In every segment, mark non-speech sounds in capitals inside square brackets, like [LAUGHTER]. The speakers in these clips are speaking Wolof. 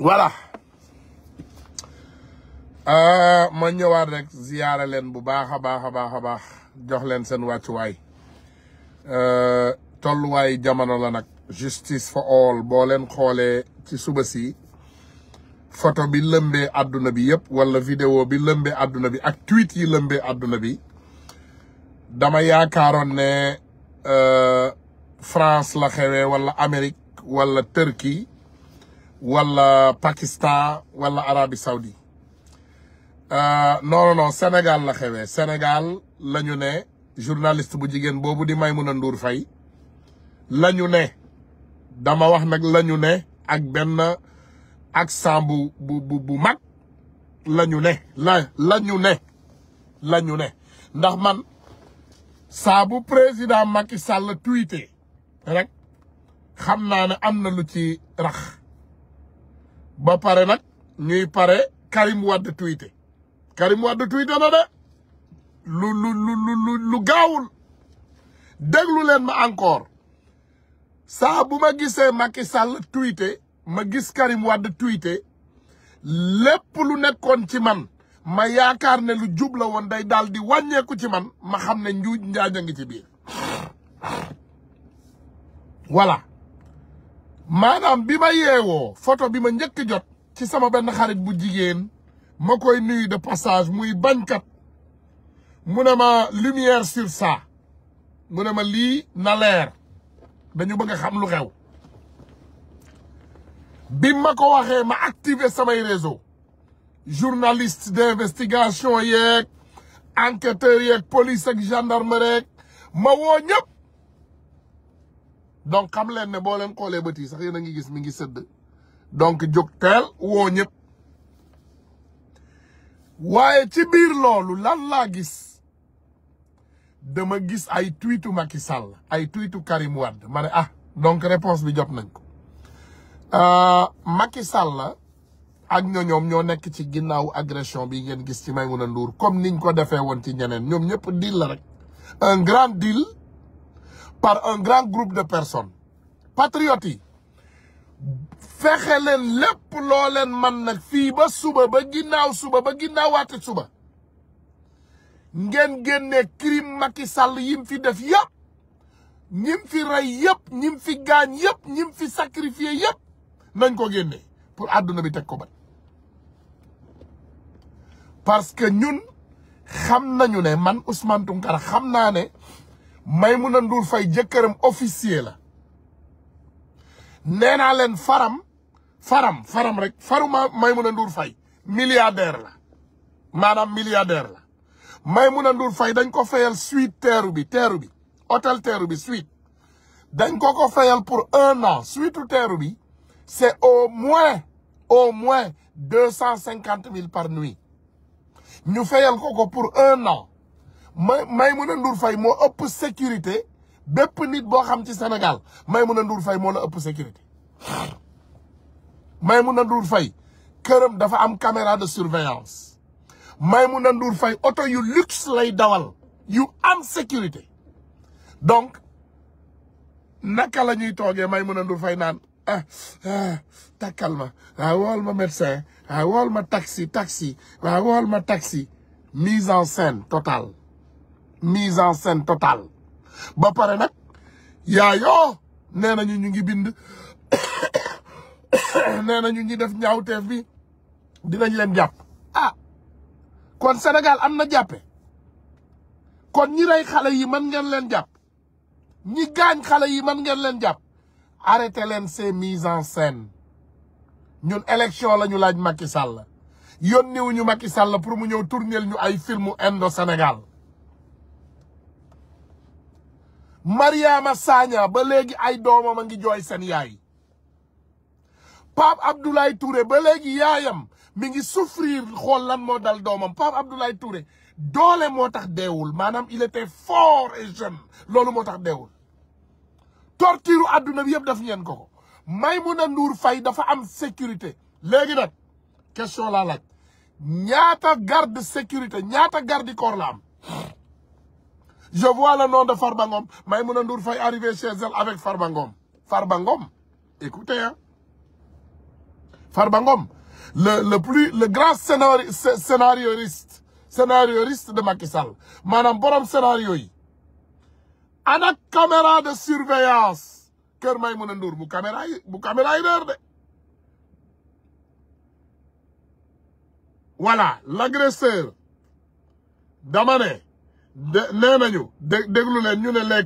voilà euh, ma ñëwaat rek ziyaare leen bu baax a baax a baax a baax jox leen seen wàccuwaay euh, tolluwaay jamono la nag justice for all boo leen xoolee ci suba si photo bi lëmbee àdduna bi yëpp wala vidéo bi lëmbee àdduna bi ak tweet yi lëmbee àdduna bi dama yaakaaroon ne euh, France la xewee wala Amérique wala Turquie wala Pakistan wala Arabie Saoudi euh, non non Sénégal la xewee Sénégal la ñu ne journaliste bu jigéen boobu di Maimouna Ndour Faye la ñu ne dama wax nag la ñu ne ak benn accent bu bu bu bu mag la ñu ne la la ñu ne la ñu ne ndax man saa bu président Macky Sall tweeté rek xam naa ne am na lu ci rax ba pare nag ñuy pare Karim Wade tweeté Karim Wade tweeté na de lu lu lu lu lu gaawul déglu ma encore saa bu ma gisee Macky Sall tweeté ma gis Karim Wade tweeté lépp lu nekkoon ci man ma yaakaar ne lu jub woon day daal di wàññeeku ci man ma xam ne njuuj njaaja ngi ci biir voilà maanaam bi ma yeewoo photo bi ma njëkk jot ci sama benn xarit bu jigéen ma koy nuyu de passage muy bañkat mu ne ma lumière sur ça mu ne ma lii na leer dañu bëgg a xam lu xew bi ma ko waxee ma activer samay réseau journaliste d'investigation yeeg enquêteur yeeg police ak gendarme rek ma woo ñëpp donc xam leen ne boo leen xoolee bët yi sax yéen a ngi gis mi ngi sëdd donc jóg teel woo ñëpp waaye ci biir loolu lan laa gis dama gis ay tuitu Macky la ay tuitu Karim Wade ma ne ah donc réponse bi jot nañ ko euh, Macky la ak ñoom ñoo nekk ci ginnaaw agression bi ngeen gis ci Maïmouna Ndour comme niñ ko defee woon ci ñeneen ñoom ñëpp deal la rek un grand deal par un grand groupe de personnes patriotes yi fexe leen lépp loo leen man nag fii ba suba ba ginnaaw suba ba ginnaaw waati suba ngeen génnee crime Macky Sall yim fi def yëpp ñim fi rey yëpp ñim fi gaañ yëpp ñim fi sacrifié yëpp nañ ko génnee pour àdduna bi teg ko ba parce que ñun xam nañu ne man Ousmane Tounkara xam naa ne may Maimouna Ndour fay jëkkëram officier la nee naa leen faram faram faram rek faruma Maimouna Ndour fay milliardaire la maanaam milliardaire la Maimouna Ndour fay dañ ko fayal suite teeru bi teeru bi hôtel teeru bi suite dañ ko ko fayal pour un an suite teeru bi c'est au moins au moins deux cent cinquante mille par nuit ñu fayal ko ko pour un an may Ndour Faye sécurité Bep nit bo xam Sénégal Maimouna Ndour Faye moo la sécurité Ndour Faye am caméra de surveillance Maimouna Ndour Faye Auto luxe lay dawal yu am sécurité donc naka suis en Ndour Faye ah ah ma awal ah, ma médecin ah, ma taxi taxi awal ah, ma taxi mise en scène totale mise en scène totale ba paré nak ya yo, ñu ngi bind [COUGHS] nee ñi def ñaawteef bi dinañ leen japp ah kon Sénégal am jappé kon ñi ray xalé yi man ngeen leen japp ñi gañ xalé yi man ngeen leen japp arrêté leen ces mises en scène ñun élection lañu laaj Macky Sall wuñu Macky Sall pour mu tourner ñu ay film indo Sénégal Mariama Sagna ba léegi ay doomam a ngi jooy seen yaay Pape Abdoulaye Touré ba léegi yaayam mu ngi souffrir xool lan moo dal doomam Pape Abdoulaye Touré doole moo tax deewul maanaam il était fort et jeune loolu moo tax deewul torture àdduna bi yëpp daf ñeen ko ko Maimouna Ndour fay dafa am sécurité léegi nag question laa laaj ñaata garde sécurité ñaata garde corps la am Je vois le nom de Farbangom. Maïmouna Ndour Faye arriver chez elle avec Farbangom. Farbangom, écoutez, hein. Farbangom, le, plus, le grand scénari scénarioriste, de Macky Sall. Madame Borom scénario caméra de surveillance. que Maïmouna Ndour, bu caméra Voilà, l'agresseur. Damané les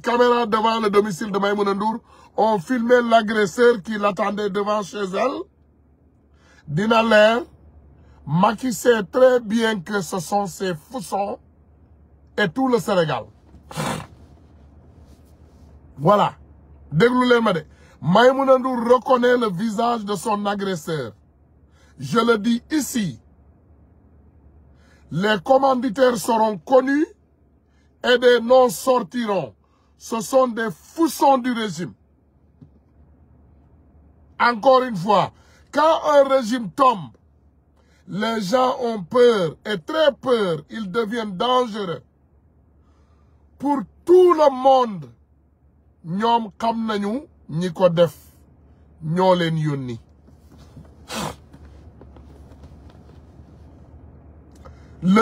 caméras devant le domicile de Maïmouna Ndour ont filmé l'agresseur qui l'attendait devant chez elle dina ma Macky sait très bien que ce sont ses foussons et tout le Sénégal voilà déglu reconnaît le visage de son agresseur je le dis ici les commanditaires seront connus et des non sortiront. Ce sont des foussons du régime. Encore une fois, quand un régime tombe, les gens ont peur et très peur, ils deviennent dangereux. Pour tout le monde, Le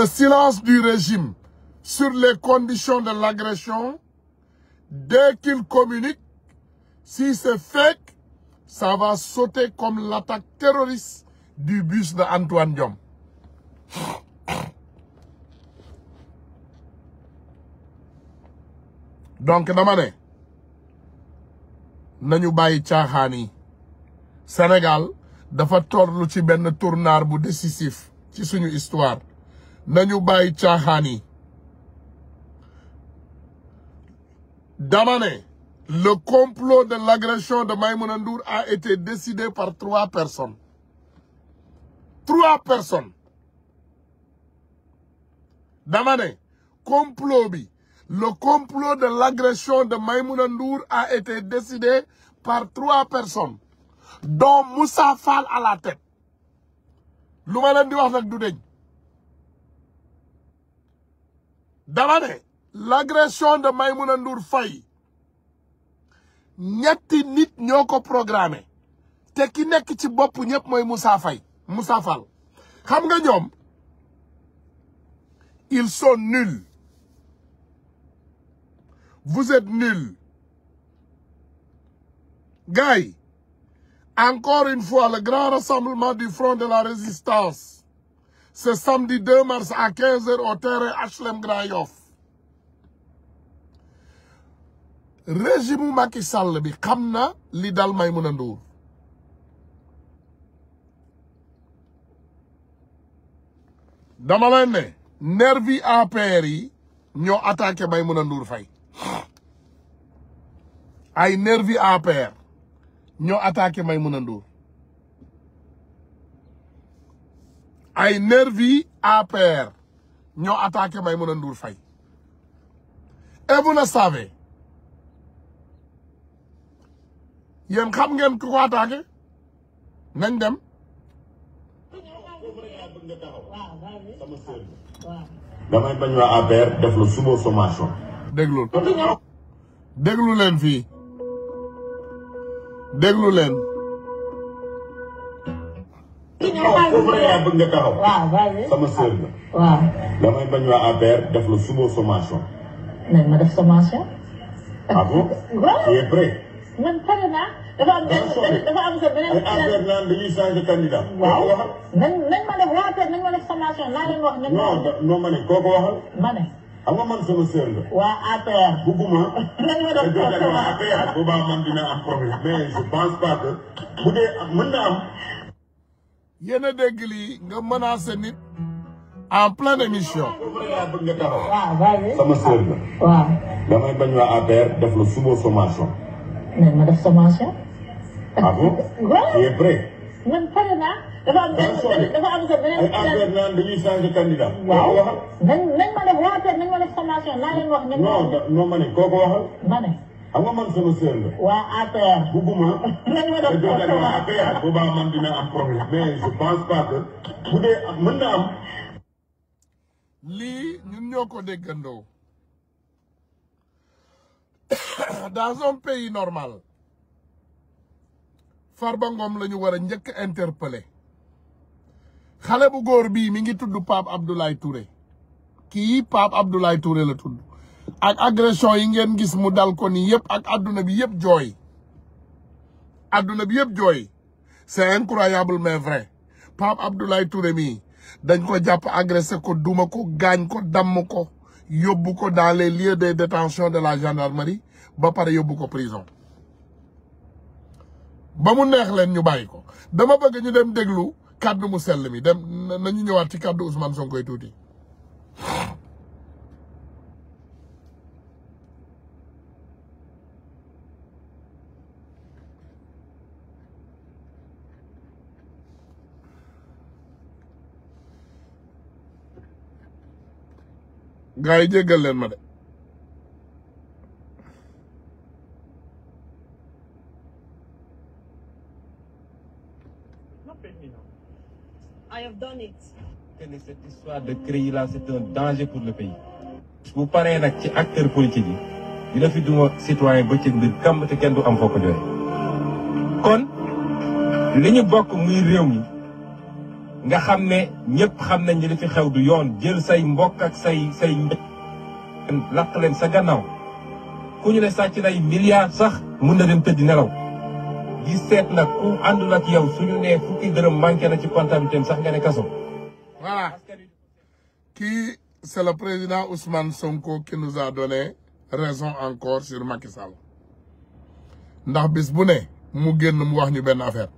silence du régime sur les conditions de l'agression. Dès qu'il communique, si c'est fake, ça va sauter comme l'attaque terroriste du bus d'Antoine Diom. donc dama ne nañu Sénégal dafa torlu ci un tournant décisif ci une histoire nañu bàyyi Damané, le complot de l'agression de Maïmoun a été décidé par trois personnes. Trois personnes. Damané, complot Le complot de l'agression de Maïmoun a été décidé par trois personnes. Dont Moussa Fall à la tête. doudeng. Damané, l'agression de Maïmouna Ndour Faye ñetti nit ñoko programmé ki nekk ci bop ñep moy Moussa Faye Moussa Fall xam nga ils sont nuls vous êtes nuls gars encore une fois le grand rassemblement du front de la résistance ce samedi 2 mars à 15 h au terrain HLM Grand régime Macky Sall bi xam na li dal Maïmouna Ndour dama leen ne nervi APR yi ñoo attaqué Maïmouna Ndour Faye ay nervi APR ñoo attaqué Maïmouna Ndour ay nervi APR ñoo attaqué Maïmouna Ndour Faye et vous le savez yéen xam ngeen ku ko attaqué nañ dem. damay bañ waa APR def la suba sommation. déglu déglu leen fii déglu leen. bëgg nga taxaw. sama sœur la. waaw. damay bañ waa APR def la suba sommation. nañ ma def sommation. ah bon. tu es prêt. man pare naa. dafa am benn dafa am sa beneen. affaire naan dañuy changer candidat. wax. nañ ma ne kooku waxal. ma ne. man sama sœur waa APR. bugguma. [LAUGHS] nañ ma am problème mais je pense pas que. mën na am. yéen a dégg lii nga menacé nit. en pleine émission. bëgg nga taxaw. sama sœur la. waaw. damay def la suba sommation. nañ ma def sommation. ah bon. c'est vrai. man pare naa. dafa am benn ah, dafa am sa beneen. affaire naan dañuy changer candidat. waaw nañ nañ ma def waa affaire nañ ma def formation naa leen wax. nañ ma non non ma ne kooku waxal. ma ne. xam nga man sama sœur la. waa APR. bugguma. [LAUGHS] nañ ma def formation APR. bu baax man dina am problème mais je pense pas que. bu dee mën na am. lii ñun ñoo ko déggandoo. [COUGHS] dans un pays normal. Farba Ngom la lañu war a njëkk interpellé xale bu góor bii mi ngi tudd Pape Abdoulaye Touré kii Pape Abdoulaye Touré la tudd ak agression yi ngeen gis mu dal ko ni yëpp ak adduna bi yëpp jooy adduna bi yëpp jooy c'est incroyable mais vrai Pape Abdoulaye Touré mii dañ ko jàpp agressé ko duma ko gaañ ko damm ko yóbbu ko dans les lieux de détention de la gendarmerie ba pare yóbbu ko prison ba mu neex leen ñu bàyyi ko dama bëgg ñu dem déglu kàddu mu sell mi dem nañu ñëwaat ci kàddu Ousmane Sonko koy tuuti. gaa yi jéggal leen ma de. I have done it. que ne cette histoire de CREI là c'est un danger pour le pays. bu paree nag ci acteur politique yi dina fi duma citoyen ba ci mbir kàmm te kenn du am foo joxe kon li ñu bokk muy réew mi nga xam ne ñëpp xam nañ li dafay xew du yoon jël say mbokk ak say say lakk leen sa gannaaw ku ñu ne sàcc nay milliards sax mun na dem tëdd nelaw. li seet ku àndul ak yow suñu nee fukki dërëm manqué na ci comptabilité sax nga ne kaso. voilà ki c'est le président Ousmane Sonko qui nous a donné raison encore sur Macky Sall ndax bis bu ne mu génn mu wax ñu ben affaire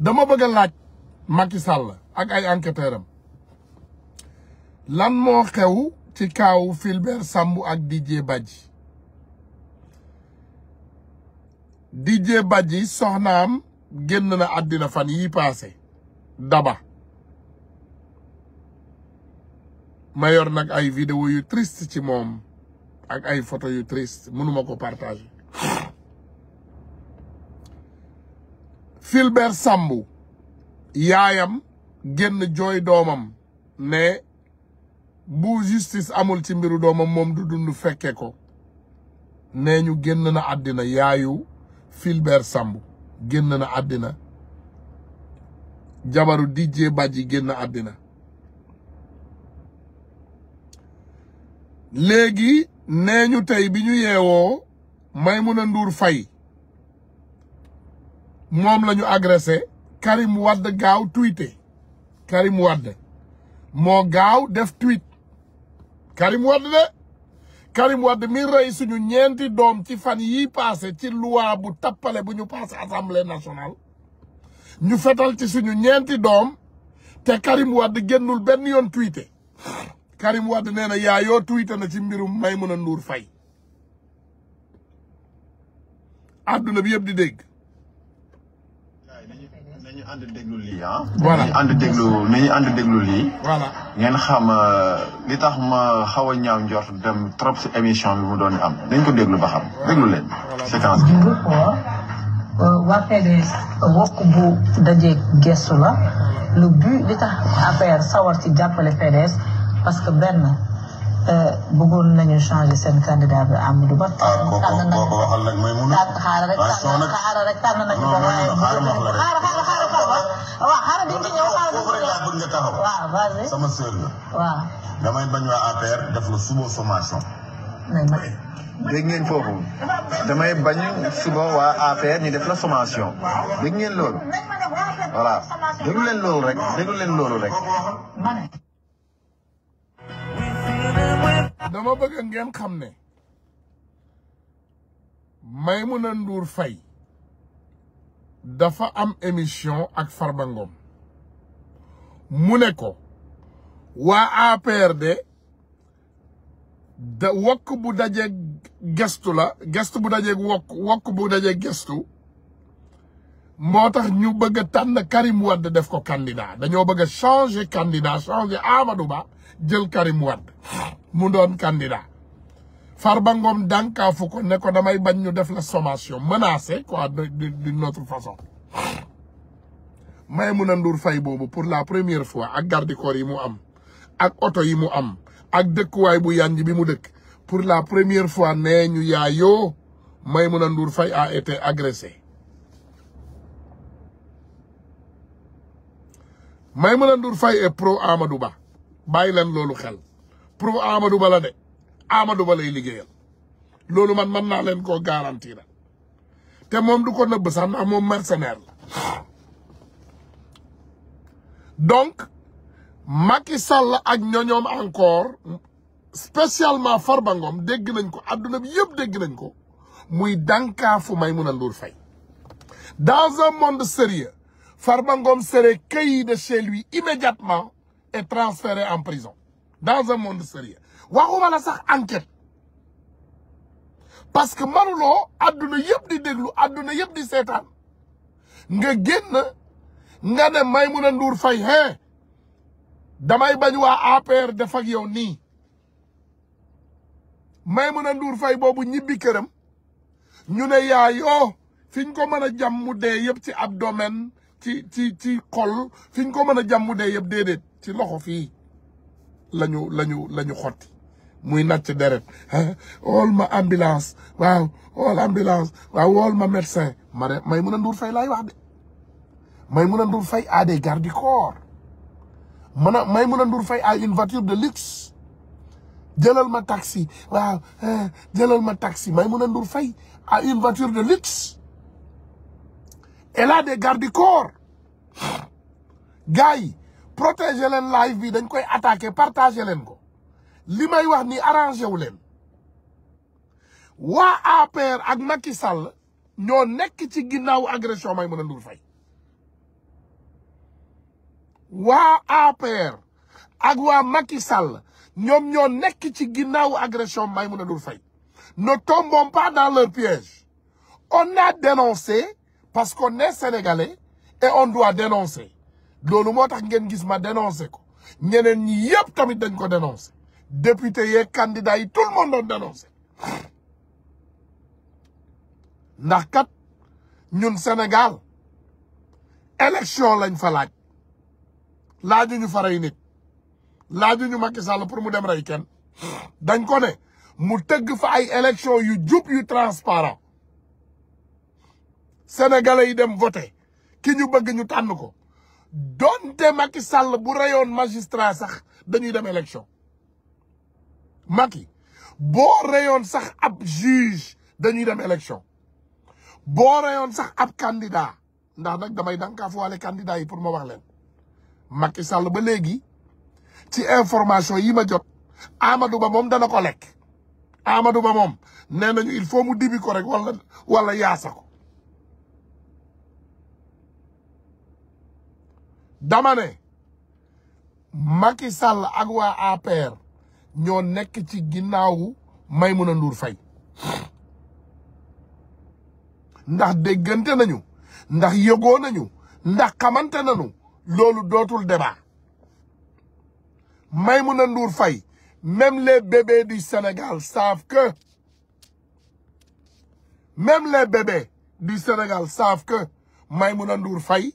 dama bëgg a laaj Macky Sall ak ay enquêteurs lan mo xew ci kaw Philbert Sambou ak Didier Badji Didier Badji soxnaam génn na àddina fan yi paase daba mayor nag ay vidéo yu triste ci moom ak ay photo yu triste mënuma ko partager Filbert Sambou yaayam génn jooy doomam ne bu justice amul ci mbiru doomam moom du dund fekke ko nee ñu génn na àddina yaayu Fulbert Sambou génn na àddina jabaru DJ génn àddina léegi nee ñu tey bi ñu yeewoo Maimouna Ndour Faye moom la ñu agressé Karim Wade gaaw tweeté Karim Wade moo gaaw def tweet Karim Wade de Karim Wade mi rey suñu ñeenti doom ci fan yi passé ci loi bu tappale bu ñu passé assemblée nationale ñu fetal ci suñu ñeenti doom te Karim Wade génnul benn yoon tweeté Karim Wade nee na yaa na ci mbirum may Maimouna Ndour Faye àdduna bi yëpp di dégg ànd déglu lii ah. voilà nañu déglu nañu ànd lii. ngeen xam euh, li tax ma xaw a ñaaw njort dem trop si émission bi mu doon am nañ ko déglu ba xam déglu leen. séquence bi. Euh, euh, waa PDS wokk bu dajee gestu la le but li tax affaire sawar ci jàppale PDS parce que benn. Eh, bëggoon nañu changer seen candidat bi Amadou Ba. ah kooku kooku waxal nag mooy mun a. xaaral rek xaaral rek tànn nañu taxaw. sama sœur la. damay bañ waa APR def la suba sommation. dégg ngeen foofu damay bañ suba waa APR ñu def la sommation dégg ngeen loolu. voilà déglu leen loolu rek déglu leen loolu rek. dama bëgg ngeen xam ne Maimouna Ndour Faye dafa am émission ak Farba mu ne ko waa APR de da wokk bu dajeeg gestu la gestu bu dajeeg wokk wokk bu dajeeg gestu motax ñu bëgg tan Karim Wade def ko candidat dañoo bëgg a changer candidat changer Amadou Ba jël Karim Wade mu doon candidat Farba Ngom fu ko ne ko damay bañ ñu def la sommation menacer quoi d'une autre façon na Ndour fay bobu pour la première fois ak garde-corps yi mu am ak auto yi mu am ak way bu yagn bi mu dekk pour la première fois né ñu yayo na Ndour fay a été agressé Maïmouna Ndour Faye est pro Amadou Ba bàyyi leen loolu xel pro Amadou Ba la de Amadou Ba lay liggéeyal loolu man mën naa leen koo garantir te moom du ko nëbb sax ndax moom mercenaire la donc maki Sall ak ñoñoom encore spécialement Farba Ngom dégg nañ ko àdduna bi yëpp dégg nañ ko muy may Maïmouna Ndour Faye fay un monde sérieux Farbangom serait cueilli de chez lui immédiatement et transféré en prison. Dans un monde sérieux. Warouma la sax enquête. Parce que Manulo, aduna yep di deglu, aduna di setan. Nga nga ne Maimouna Ndour Fay, hein, damay bañ wa APR def ak yow nii Maimouna Ndour fay bobu ñibi kërëm ñune ne yaayoo ko jam abdomen ci ci ci xol fi ñu ko mën a jàmm dee yëpp ci loxo fii lañu lañu la ñu xotti muy nàcc deret [LAUGHS] wool ma ambulance waaw wool ambulance waaw wool ma médecin mare may mun a nduur fay laay wax de may mun a fay à des gardes du a may mun a nduur fay à une voiture de luxe jëlal ma taxi waaw eh, jëlal ma taxi may mun a fay à une voiture de luxe elle a des garde-corps yi protéger leen live bi dañ koy attaquer partager leen ko li may wax ni arrangé wu leen waa APR ak Macky Sall ñoo nekk ci ginnaaw agression Maïmouna Ndour Faye waa APR ak waa Macky Sall ñoom ñoo nekk ci ginnaaw agression Maïmouna Ndour Faye ne tombons pas dans leur piège on a dénoncé parce qu'on est sénégalais et on doit dénoncer loolu moo tax ngeen gis ma dénoncer ko ñeneen ñi yëpp tamit dañ ko dénoncer député yeeg candidat yi tout le monde doit dénoncer ndax kat ñun Sénégal élection lañ fa laaj laajuñu ñu faray nit ñu Macky Sall pour mu dem ray ken dañ ko né mu teug fa ay élection yu jup yu transparent sénégalais yi dem voté ki ñu bëgg ñu tànn ko donte maki Sall bu reyoon magistrat sax dañuy dem élection Macky boo reyoon sax ab juge dañuy dem élection boo reyoon sax ab candidat ndax nag damay dànkaafuwaale candidat yi pour ma wax leen Macky Sall ba léegi si information yi ma jot Amadou Ba moom dana ko lekk Amadou Ba moom nee nañu il faut mu dibi ko rek wala wala yaasa ko dama ne Macky ak waa APR ñoo nekk ci ginnaawu Maimouna Ndour fay ndax déggante nañu ndax yëgoo nañu ndax xamante nanu loolu dootul débat Maimouna Ndour Faye même les bébés du Sénégal savent que même les bébés du Sénégal savent que Maimouna Ndour Faye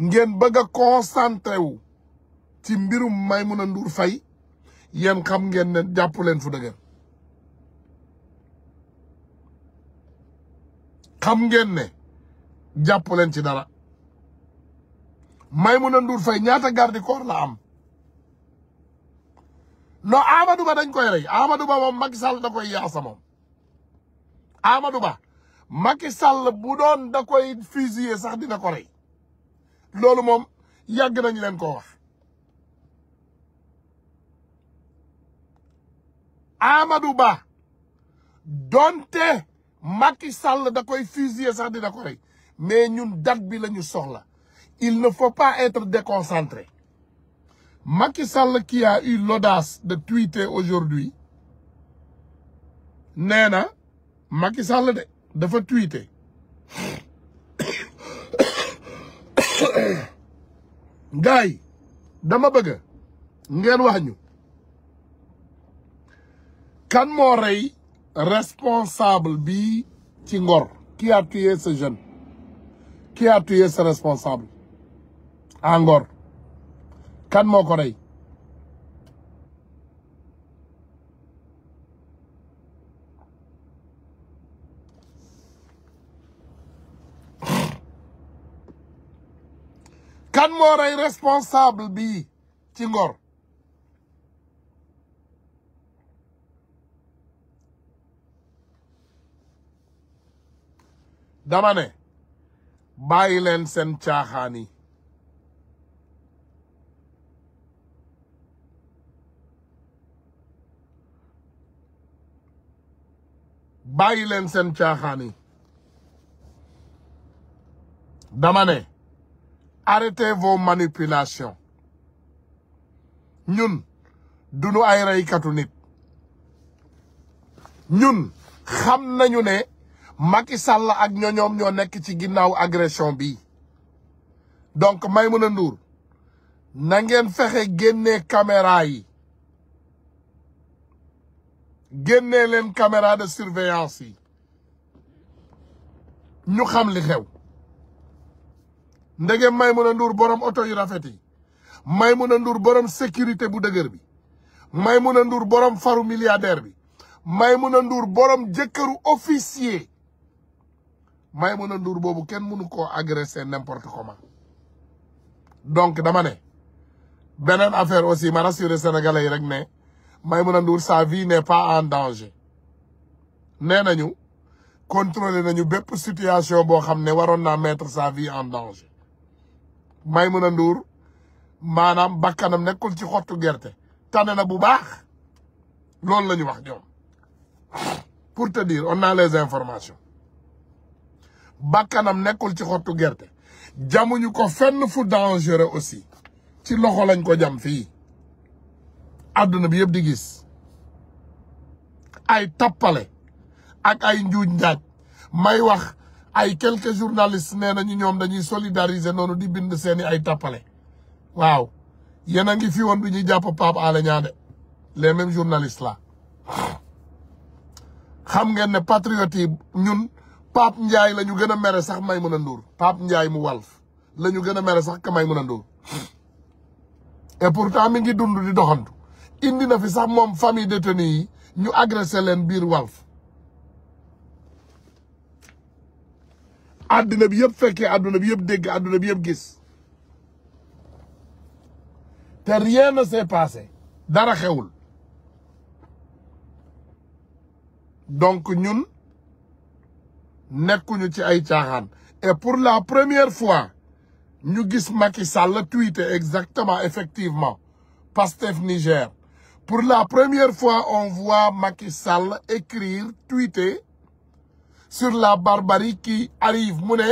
ngeen bëgg a concentré wu ci mbirum Maimouna Ndour fay yéen xam ngeen ne jàpp fu dëgër xam ngeen ne jàpp leen ci dara na Ndour Faye ñaata garde corps la am non Amadou Ba dañ koy rey Amadou Ba moom Macky Sall da koy yaasa moom Amadou Ba Macky Sall bu doon da koy fusiller sax dina ko rey loolu moom nañu len ko wax Amadou Ba donte Macky Sall da koy fusiller sax dina mais nous date bi lañu il ne faut pas être déconcentré Macky Sall qui a eu l'audace de tweeter aujourd'hui néna Macky Sall de dafa tweeter [COUGHS] gars yi dama bëgg ngeen wax ñu kan moo rey responsable bi ci Ngor qui a tué ce jeune qui a tué ce responsable à Ngor kan moo ko rey kan moo rey responsable bi ci Ngor dama ne bàyyi leen seen caaxaan yi dama ne arrêtez vos manipulations ñun duñu ay reykatu nit ñun xam nañu ne Macky Sall ak ñoñoom ñoo nekk ci donc Maimouna Ndour na ngeen fexe génnee caméra yi génnee de surveillance yi ñu xam li ndege Maimouna Ndour borom auto yu rafet yi Maimouna Ndour borom sécurité bu deuguer bi Maimouna Ndour borom faru milliardaire bi Maimouna Ndour borom jëkkëru officier Maimouna Ndour bobu ken munu ko agresser n'importe comment donc dama né benen affaire aussi ma rassurer sénégalais yi rek ne Maimouna Ndour sa vie n'est pas en danger né nañu contrôler nañu bép situation bo xamné ne na mettre sa vie en danger may a Ndour maanaam bakkanam nekkul ci xottu gerte tane na bu baax loolu la ñu wax ñoom pour te dire on a les informations bakkanam nekkul ci xottu gerte jamu ñu ko fenn fu dangereux aussi ci loxo lañ ko jam fii àdduna bi yëpp di gis ay tappale ak ay njuuj njaaj may wax ay quelques journalistes nee nañu ñoom dañuy solidariser noonu di bind seeni ay tappale waaw yéen a ngi fi woon bi ñuy jàpp Pape Alé Niang de les mêmes journalistes là xam ngeen ne patriote ñun Pape Ndiaye la ñu gën a mere sax may mën a nduur Pape Ndiaye mu Walf lañu ñu gën a mere sax ka may mën a nduur pour pourtant mi ngi dund di doxantu indi na fi sax moom famille détenus yi ñu agressé leen biir Walf aduna bi yeb aduna bi rien ne s'est passé dara xewul donc ñun nekkuñu ci ay et pour la première fois ñu gis Macky Sall exactement effectivement Pastef Niger pour la première fois on voit Macky Sall écrire tweeter sur la barbarie qui arrive mu ne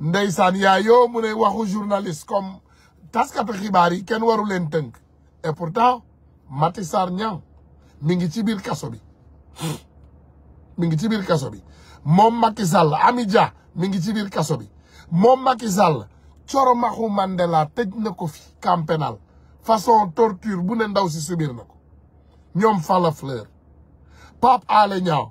ndeysaan yaayoo mu ne waxu journaliste comme taskatu xibaar yi kenn waru leen tënk et pourtant Maty mi ngi ci biir kaso bi mi ngi ci biir kaso bi moom Macky Sall mi ngi ci biir kaso bi moom Macky Sall coromaxu Mandela tëj na ko fi camp pénal façon torture bu ne ndaw si subir na ko ñoom Falla Fleur Pape Alé Niang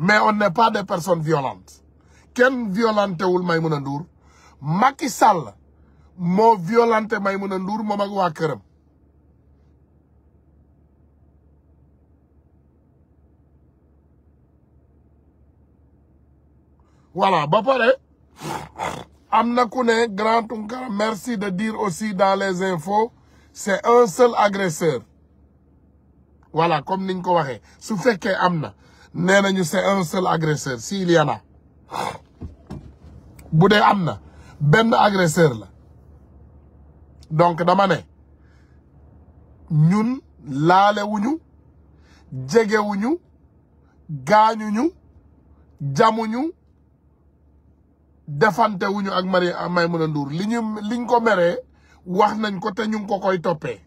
mais on ne pas des personnes violentes kenn violenté wul Maïmouna Ndour Macky Sall moo violenté Maïmouna Ndour moom ak waa këram voilà ba pare am na ku ne Grand merci de dire aussi dans les infos c'est un seul agresseur voilà comme niñ ko waxee su fekkee am na nee nañu c'est un seul agresseur s'il y bu dee am na benn agresseur la donc dama ne ñun laalewuñu jegewuñu gaañuñu jamuñu defante wuñu ak Marie Maimouna Ndour li liñ ko meree wax nañ ko te ñu ko koy toppee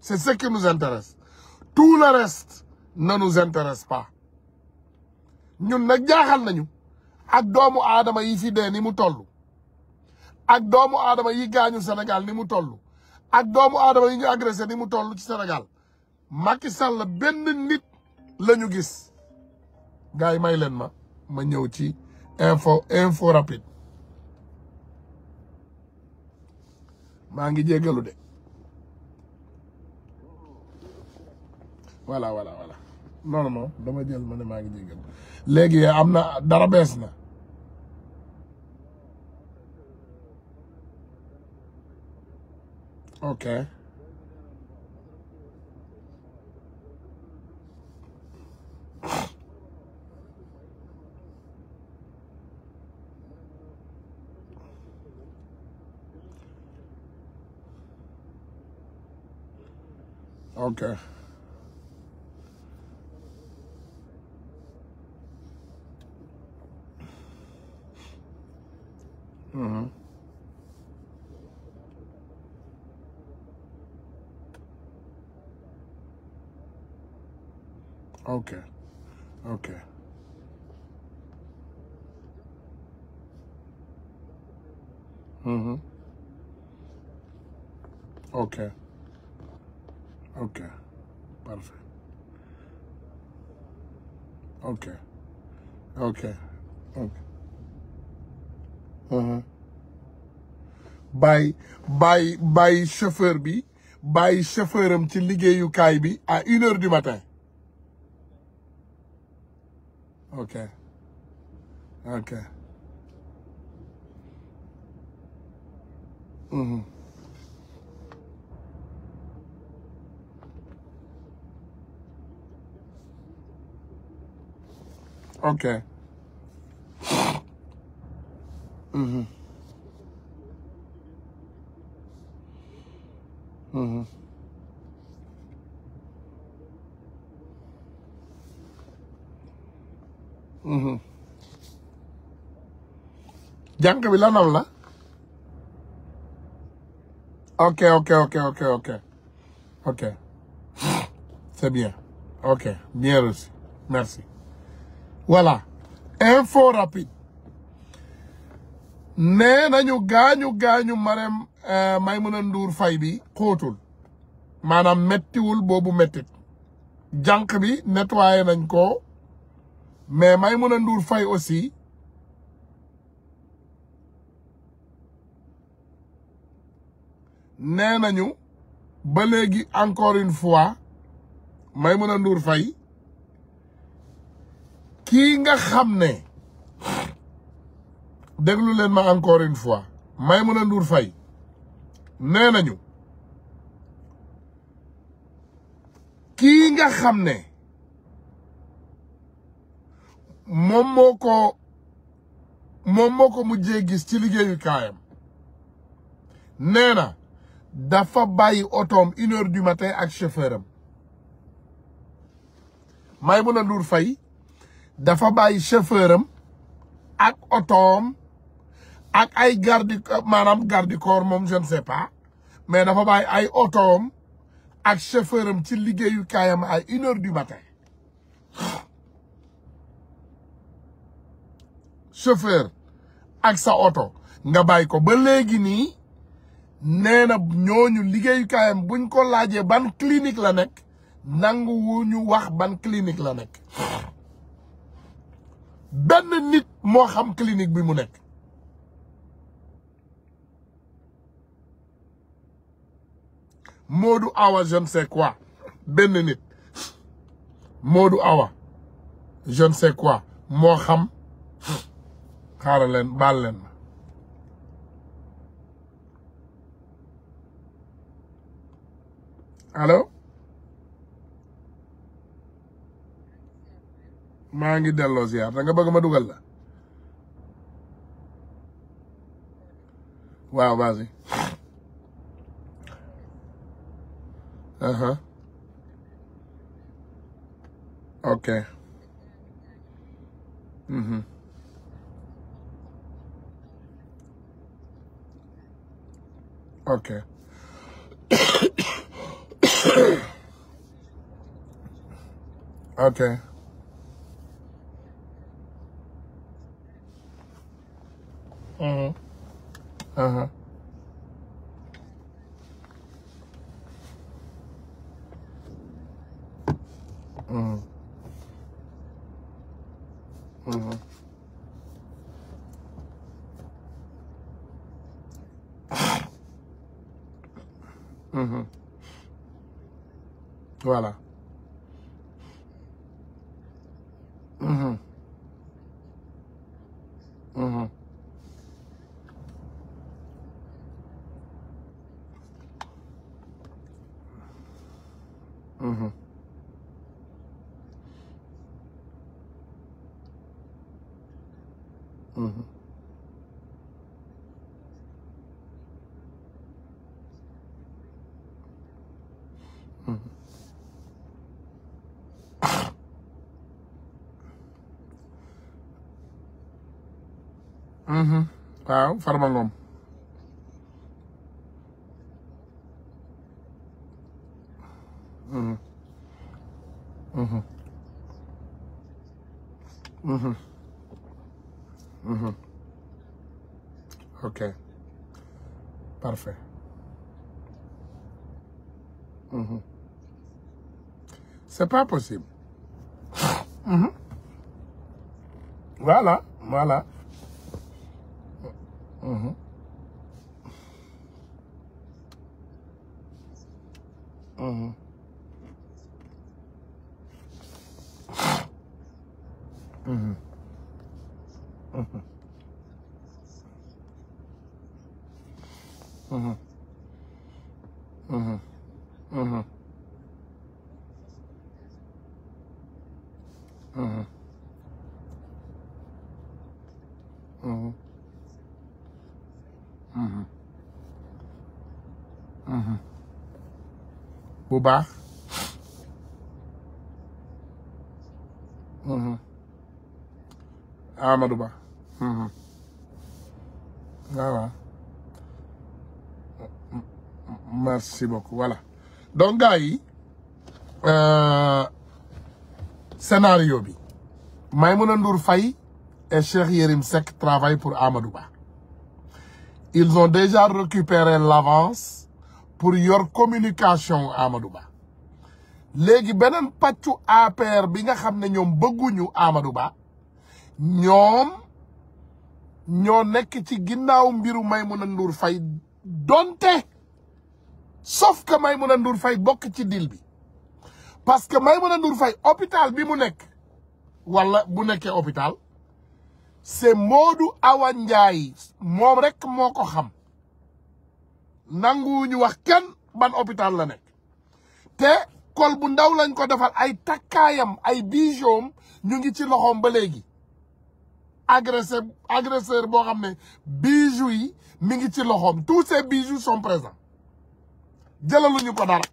c'est ce qui nous intéresse tout le reste ne nous intéresse pas ñun na jaaxal nañu ak doomu aadama yi fi dee ni mu tollu ak doomu aadama yi gaañu senegal ni mu tollu ak doomu aadama yi ñu agressé ni mu tollu ci Sénégal Macky Sall benn nit lañu gis gars yi may leen ma ma ñëw ci info info rapide maa ngi jéggalu de voilà voilà voilà non non non dama jël ma ne maa ngi jégal léegi am na dara bees na. ok. okay. Mm-hmm. Okay. Okay. Mm-hmm. Okay. Okay. Perfect. Okay. Okay. Okay. Mhm. bàyyi bàyyi bàyyi chauffeur bi bàyyi chauffeur am ci liggéeyukaay bi à une heure du matin ok ok. mm Okay. Mm-hmm. Mm-hmm. mm-hmm. la ok ok ok ok ok ok bien ok bien reçu merci voilà info rapide nee nañu gaañu gaañu Marème euh, a nduur fay bi xóotul maanaam mettiwul boobu mettit jànq bi nettoyé nañ ko mais a nduur fay aussi nee nañu ba léegi encore une fois a Ndour fay kii nga xam ne déglu leen ma encore une fois Maimouna Ndour Faye nee nañu kii nga xam ne moom moo ko moom moo gis ci liggéeyu kaayam nee na dafa bàyyi otoom une heure du matin ak chauffeur am Maimouna Ndour Faye dafa bàyyi chauffeur ak otoom ak ay garde manam garde corps mom je ne sais pas mais dafa bay ay auto ak chauffeur ci liggéeyu kayam ay inor h du matin chauffeur ak sa auto nga bay ko ba legui ni nee ñooñu liggéeyu kayam buñ ko laaje ban clinique la nek nangu wuñu wax ban clinique la nek ben nit mo xam clinique bi mu nek Modou Awa je ne sais quoi benn nit Modou Awa jeune ne quoi moo xam xaaral leen baal leen ma allo maa ngi delloo ziar da nga bëgg ma dugal la waaw vas Uh-huh. Okay. Mm-hmm. Okay. [COUGHS] okay. mm Uh-huh. 嗯，嗯，嗯哼，多了？嗯哼，嗯哼。Uhum. Uhum. Mhm. Uhum. Waaw, tá, farma ngoom c'est pas possible. Mmh. [LAUGHS] Voilà, Mm-hmm. Mm-hmm. merci beaucoup voilà donc gars euh, scénario bi Maïmouna et Cheikh Yérim travaillent pour Amadouba. ils ont déjà récupéré l'avance pour yor communication Amadou Ba léegi beneen pàccu APR bi nga xam ne ñoom bëgguñu Amadou Ba ñoom ñoo nekk ci ginnaaw mbiru may Maimouna Ndour Faye donte sauf que Maimouna Ndour fay bokk ci deal bi parce que Maimouna Ndour fay hopital bi mu nekk wala bu nekkee hopital c'est Modou Awa Ndiaye moom rek moo ko xam nanguwuñu wax ken ban hôpital la nek te kol bu ndaw lañ ko defal ay takayam ay bijoux ñu ngi ci loxom ba légui agresseur agresseur bo xamné ne bijoux yi mi ngi ci loxom tous ces bijoux sont présents jëlaluñu ko dara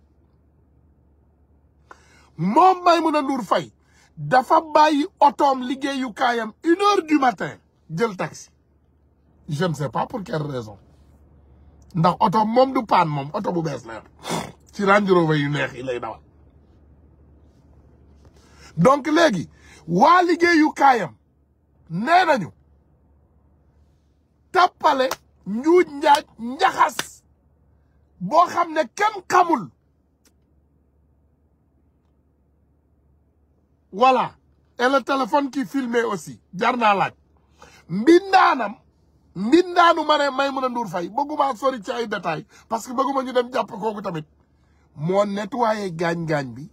moom mëna Ndour fay dafa bàyyi otom liggéeyu kayam une heure du matin jël taxi je ne sais pas pour quelle raison ndax oto moom du paan moom oto bu bees la ci Range Rover yu neex yi lay dawal donc léegi waa liggéeyu kaayam nee nañu tàppale njuuj njaaj njaxas boo xam ne kenn xamul voilà et le téléphone qui filmait aussi jar naa laaj mbindaanam ndindaanu ma ne Maimouna Ndour fay bëgguma sori ci ay détails parce que bëgguma ñu dem jàpp ku tamit moo nettoyé gaañ-gaañ bi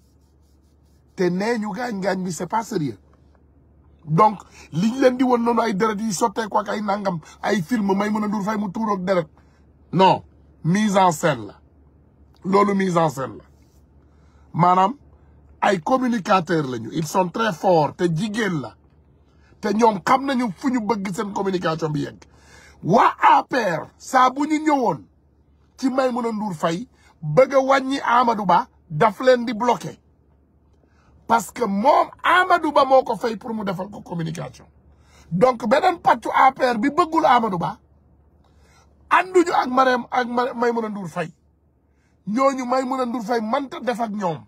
te nee ñu gaañ-gaañ bi c'est pas sérieux donc liñ leen di woon noonu ay deret yi sottee ko ak ay nangam ay film Maimouna Ndour fay mu tuuroog deret non mise en scène la loolu mise en scène la maanaam ay communicateurs ñu ils son très forts te jigéen la te ñoom xam nañu fu ñu bëgg seen communication bi yegg wa APR sa bu ñu ñewoon ci Maïmouna Ndour fay bëgg wañi Amadou Ba daf leen di bloquer parce que mom Amadou Ba moko fay pour mu defal ko communication donc beneen pàccu APR bi bëggul Amadou Ba ànduñu ak Marème ak Maïmouna Ndour Faye ñooñu Maïmouna Ndour man ta def ak ñom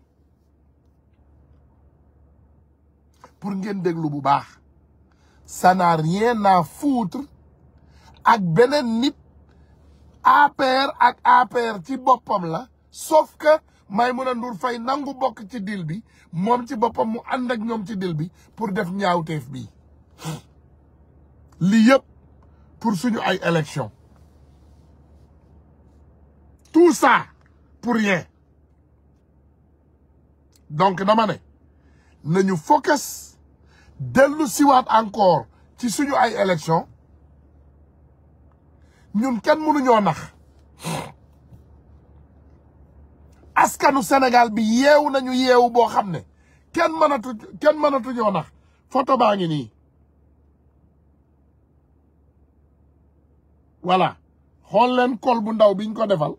pour ngeen déglu bu baax ça n'a rien à foutre ak benen nit APR ak APR ci bopam la sauf que Maïmouna Ndour fay nangu bok ci dil bi mom ci bopam mu and ak ñom ci dil bi pour def ñaawteef bi li yeb pour suñu ay élection tout ça pour rien donc dama né nañu focus delu siwaat encore ci suñu ay élection ñun kenn mënuñoo nax askanu Sénégal bi yeewu nañu yeewu boo xam ne kenn mënatu kenn mënatuñoo nax foto baa ngi nii voilà xool leen kol bu ndaw biñ ko defal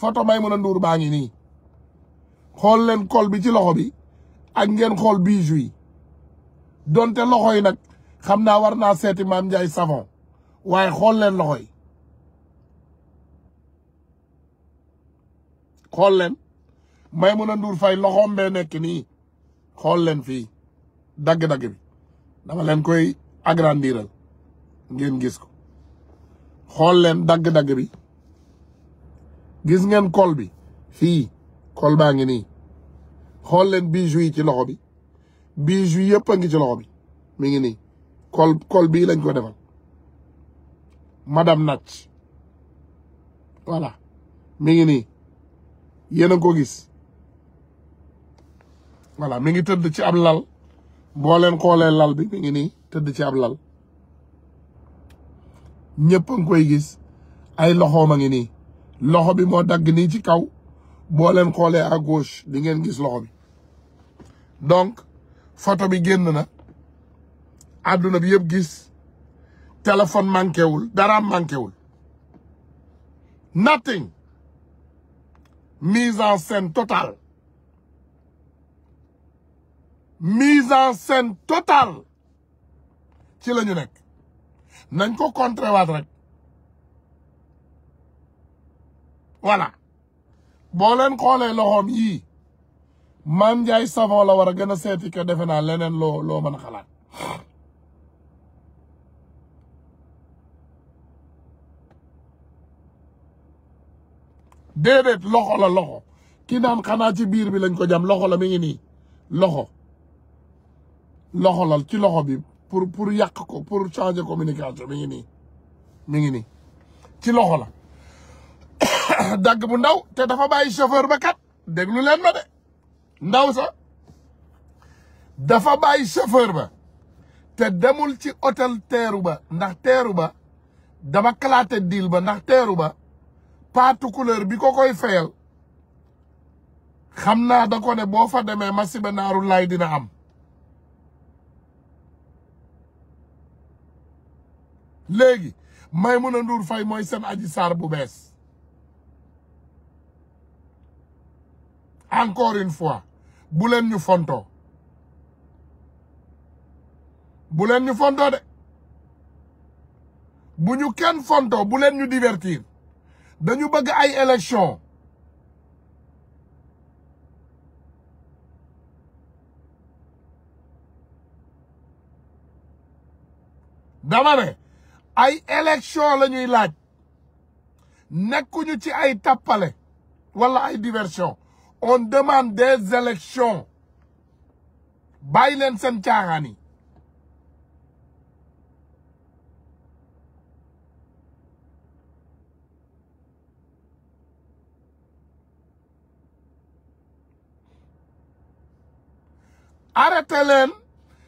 photo Maimouna Ndour baa ngi nii xool leen kol bi ci loxo bi ak ngeen xool bi jui donte loxo yi nag xam naa war naa seeti Maam Njaay savon waaye xool leen loxoy xool leen Maimouna Ndour Faye loxoom bee nekk nii xool leen fii dagg-dagg bi dama leen koy agrandiral ngeen gis ko xool leen dagg-dagg bi gis ngeen kol bi fii kol baa ngi ni xool leen bijoux yi ci loxo bi bijoux yëpp a ngi ci loxo bi mi ngi ni kol kol bii lañ ko defal madam Natch voilà mi ngi nii yéen a ko gis wala mi ngi tëdd ci ab lal boo leen xoolee lal bi mi ngi ni tëdd ci ab lal ñëpp a ngi koy gis ay loxo ma ngi nii loxo bi moo dagg ni ci kaw boo leen xoolee à di ngeen gis loxo bi donc foto bi génn na àdduna bi yëpp gis téléphone manquéwul wul dara manqué wul nothing mise en scène totale mise en sen totale ci la ñu nekk nañ ko contrer waat rek voilà boo leen xoolee loxoom yii Mame Ndiaye Savon la war a gën a seeti que defe naa leneen loo loo mën a xalaat déedéet loxo la loxo ki naan xanaa ci biir bi lañ ko jam loxo la mi ngi nii loxo loxo la ci loxo bi pour pour yàq ko pour changer communication mi ngi ni mi ngi nii ci loxo la [COUGHS] dagg bu ndaw te dafa bàyyi chauffeur ba kat déglu leen ma de ndaw sa dafa bàyyi chauffeur ba te demul ci hôtel teeru ba ndax teeru ba dama claté deal ba ndax teeru ba paatu couleur bi ko koy fayal xam naa da boo fa demee masiba naaru laay dina am léegi Maimouna Ndour fay mooy seen aji saar bu bees encore une fois bu leen ñu fontoo bu leen ñu fontoo de bu ñu kenn fontoo bu leen ñu divertir dañu bëgg ay élection dama ne ay élection la ñuy laaj nekkuñu ci ay tappale wala ay diversion on demande des élections bàyyi leen seen caaxaan yi arrêté leen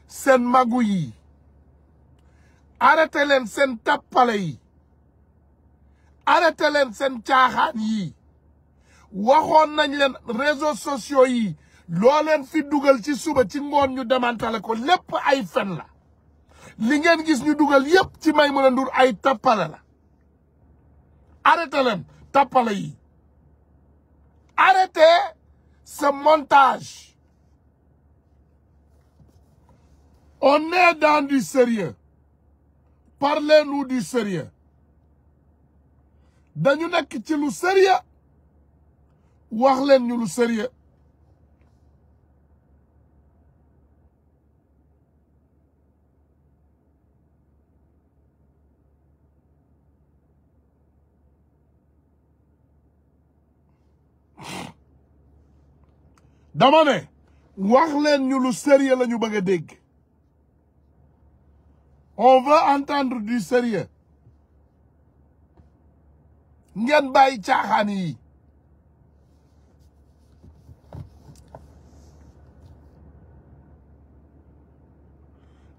seen magu yi arrêté leen seen tappale yi arrêté leen seen caaxaan yi waxoon nañ leen réseaux sociaux yi looleen leen fi dugal ci suba ci ngoon ñu demantale ko lépp ay fen la li ngeen gis ñu dugal yépp ci Maimouna Ndour ay tappale la arrêté leen tappale yi arrêté ce montage On est dans du sérieux. Parlez-nous du sérieux. dañu nekk ci lu sérieux wax leen ñu lu sérieux dama ne wax leen ñu lu sérieux la ñu bëgg a dégg On veut entendre du sérieux. N'y a pas de tchakani.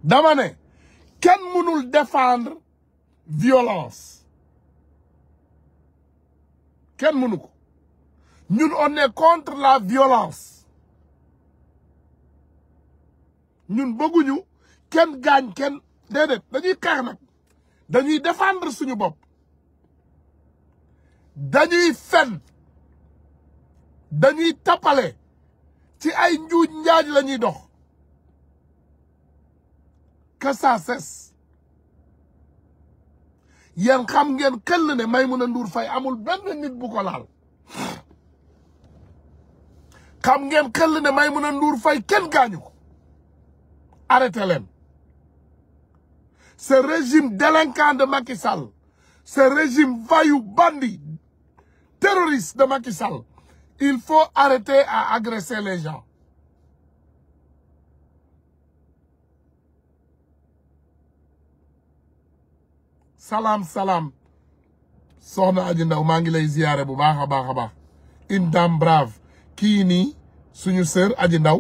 Dans nous défendons la violence? Quel monde nous défendons Nous sommes contre la violence. Nous sommes contre la violence. Quel monde déedéet dañuy xeex nag dañuy défendre suñu bopp dañuy fen dañuy tapale ci ay njuuj njaaj la ñuy dox que ça cesse xam ngeen këll ne Maimouna Ndour fay amul benn nit bu ko xam ngeen këll ne Maimouna Ndour fay kenn gaañu ko arrêté leen ce régime délinquant de Macky Sall ce régime vaillu bandit terroriste de Macky Sall il faut arrêter à agresser les gens salaam salaam soxna Adji Ndaw maa ngi lay ziyaare bu baax a baax a baax une brave kii nii suñu sœur Adji Ndaw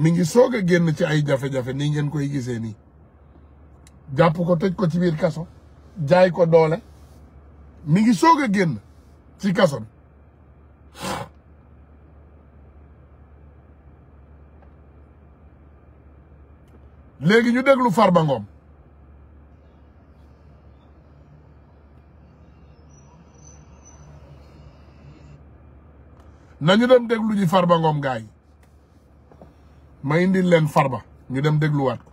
mi ngi soog a génn ci ay jafe-jafe nii ngeen koy gisee nii jàpp ko tëj ko ci biir kaso jaay ko doole mi ngi soog a génn ci kaso bi léegi ñu déglu Farba Ngom nañu dem déglu ji Farba Ngom gaay ma indil leen Farba ñu dem dégluwaat ko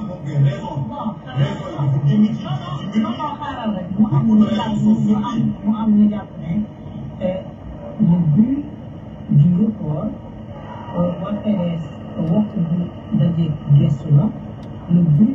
mu am le but du report waa PDS le but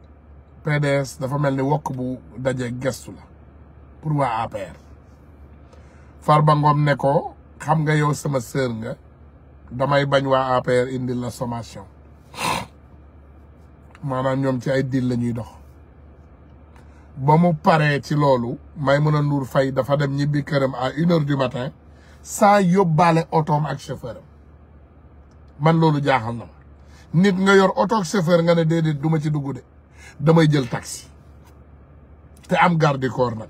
PDS dafa melni wok bu dajé gestu la pour wa APR Farba Ngom ne ko xam nga yow sama sœur nga damay bañ wa APR indi la sommation manam ñom ci ay dil lañuy dox ba mu paré ci may mëna Ndour fay dafa dem ñibi kërëm à 1h du matin sans yobale ak chauffeur man lolu jaaxal na nit nga yor auto ak chauffeur nga ne dedet duma ci duggu de damay jël taxi té am garde corps nak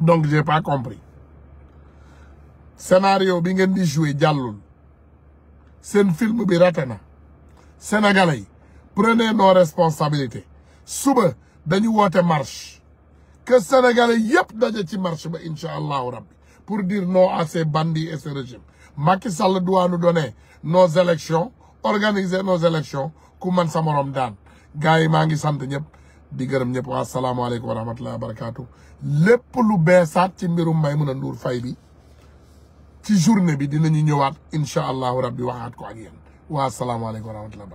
donc j'ai pas compris scénario bi ngeen di jouer un sen film bi raté sénégalais prenez nos responsabilités suba dañu woote marche que sénégalais yëpp daje ci marche ba inshallah pour dire non à ces bandits et ce régime Macky Sall doit nous donner nos élections organiser nos élections comme man sa morom gars yi maa ngi sant ñëpp di gërëm ñëpp waa salaamaaleykum wa rahmatullahi wa barakaatu lépp lu beesaat ci mbirum Maimouna Ndour fay bi ci journée bi dinañu ñëwaat incha allahu rabbi waxaat ko ak yéen waa salaamaaleykum wa rahmatullahi